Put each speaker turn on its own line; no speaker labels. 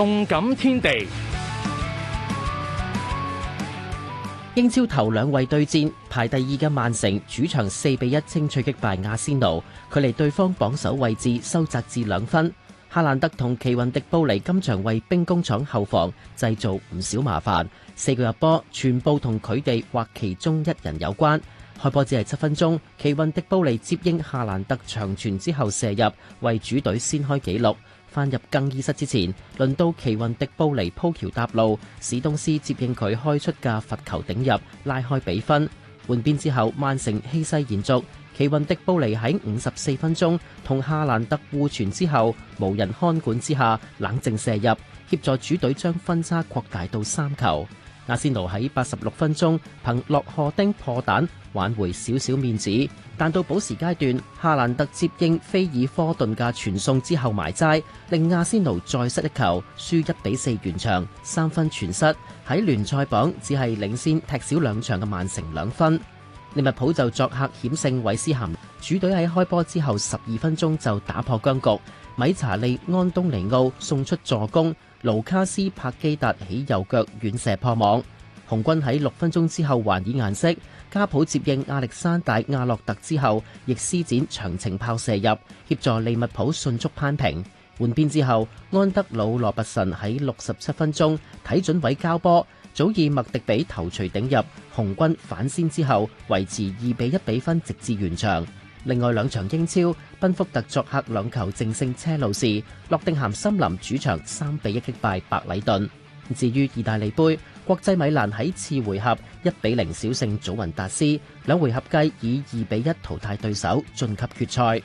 動感天地，英超頭兩位對戰排第二嘅曼城主場四比一清脆擊敗亞仙奴，距離對方榜首位置收窄至兩分。哈蘭德同奇雲迪布尼今場為兵工廠後防製造唔少麻煩，四個入波全部同佢哋或其中一人有關。開波只係七分鐘，奇雲迪布尼接應哈蘭德長傳之後射入，為主隊先開紀錄。返入更衣室之前，阿仙奴喺八十六分鐘憑洛賀丁破蛋挽回少少面子，但到補時階段，夏蘭特接應菲爾科頓嘅傳送之後埋齋，令阿仙奴再失一球，輸一比四完場，三分全失，喺聯賽榜只係領先踢少兩場嘅曼城兩分。利物浦就作客險勝韋斯咸，主隊喺開波之後十二分鐘就打破僵局，米查利·安東尼奧送出助攻，盧卡斯·帕基達起右腳遠射破網。紅軍喺六分鐘之後還以顏色，加普接應亞歷山大·亞洛特之後，亦施展長程炮射入，協助利物浦迅速攀平。換邊之後，安德魯·羅拔臣喺六十七分鐘睇準位交波。早已麥迪比頭鎚頂入，紅軍反先之後維持二比一比分直至完場。另外兩場英超，賓福特作客兩球淨勝車路士，諾定咸森林主場三比一擊敗白禮頓。至於意大利杯，國際米蘭喺次回合一比零小勝祖雲達斯，兩回合計以二比一淘汰對手晉級決賽。